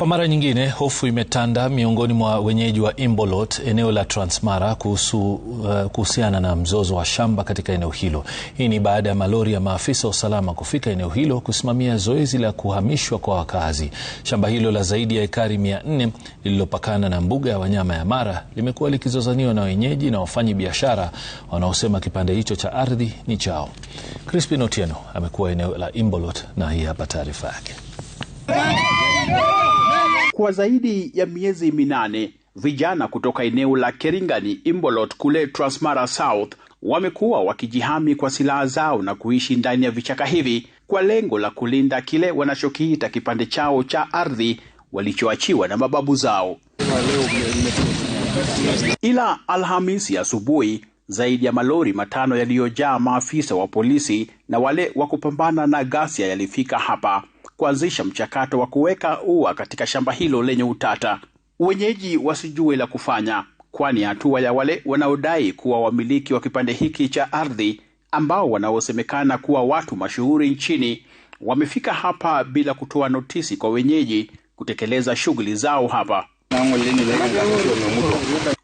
Kwa mara nyingine hofu imetanda miongoni mwa wenyeji wa Imbolot eneo la Transmara kuhusu uh, kuhusiana na mzozo wa shamba katika eneo hilo. Hii ni baada ya malori ya maafisa wa usalama kufika eneo hilo kusimamia zoezi la kuhamishwa kwa wakazi. Shamba hilo la zaidi ya ekari mia nne lililopakana na mbuga ya wanyama ya Mara limekuwa likizozaniwa na wenyeji na wafanyi biashara wanaosema kipande hicho cha ardhi ni chao. Crispin Otieno amekuwa eneo la Imbolot na hii hapa taarifa yake kwa zaidi ya miezi minane vijana kutoka eneo la Keringani Imbolot kule Transmara South wamekuwa wakijihami kwa silaha zao na kuishi ndani ya vichaka hivi kwa lengo la kulinda kile wanachokiita kipande chao cha ardhi walichoachiwa na mababu zao. Ila Alhamisi asubuhi zaidi ya malori matano yaliyojaa maafisa wa polisi na wale wa kupambana na gasia yalifika hapa kuanzisha mchakato wa kuweka ua katika shamba hilo lenye utata. Wenyeji wasijue la kufanya, kwani hatua ya wale wanaodai kuwa wamiliki wa kipande hiki cha ardhi ambao wanaosemekana kuwa watu mashuhuri nchini wamefika hapa bila kutoa notisi kwa wenyeji kutekeleza shughuli zao hapa.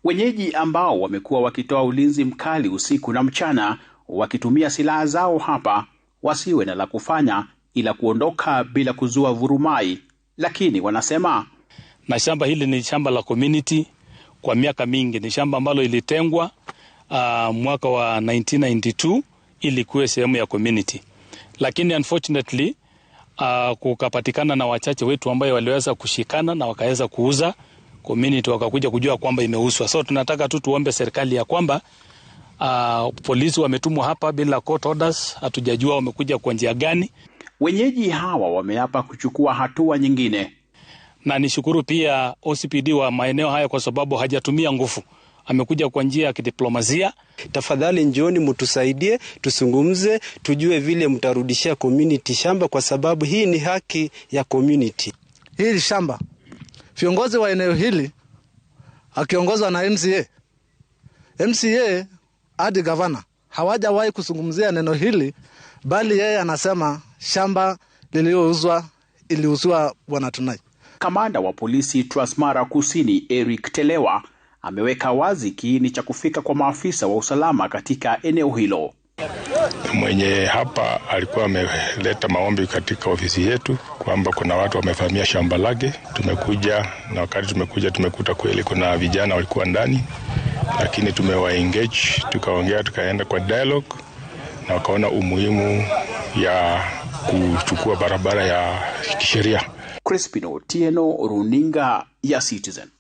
Wenyeji ambao wamekuwa wakitoa ulinzi mkali usiku na mchana wakitumia silaha zao hapa, wasiwe na la kufanya ila kuondoka bila kuzua vurumai, lakini wanasema na shamba hili ni shamba la community kwa miaka mingi, ni shamba ambalo ilitengwa uh, mwaka wa 1992 ili kuwe sehemu ya community, lakini unfortunately uh, kukapatikana na wachache wetu ambao waliweza kushikana na wakaweza kuuza community, wakakuja kujua kwamba imeuzwa. So tunataka tu tuombe serikali ya kwamba uh, polisi wametumwa hapa bila court orders, hatujajua wamekuja kwa njia gani. Wenyeji hawa wameapa kuchukua hatua nyingine, na nishukuru pia OCPD wa maeneo haya kwa sababu hajatumia nguvu, amekuja kwa njia ya kidiplomasia. Tafadhali njooni mtusaidie, tusungumze, tujue vile mtarudishia community shamba, kwa sababu hii ni haki ya community. Hili shamba viongozi wa eneo hili akiongozwa na MCA, MCA hadi gavana hawajawahi kuzungumzia neno hili, bali yeye anasema shamba liliouzwa iliuziwa Bwana Tunai. Kamanda wa polisi Transmara Kusini Eric Telewa ameweka wazi kiini cha kufika kwa maafisa wa usalama katika eneo hilo. Mwenye hapa alikuwa ameleta maombi katika ofisi yetu kwamba kuna watu wamevamia shamba lake. Tumekuja na wakati tumekuja, tumekuta kweli kuna vijana walikuwa ndani, lakini tumewaengage, tukaongea, tukaenda kwa dialogue na wakaona umuhimu ya kuchukua barabara ya kisheria. Crispino Tieno, runinga ya Citizen.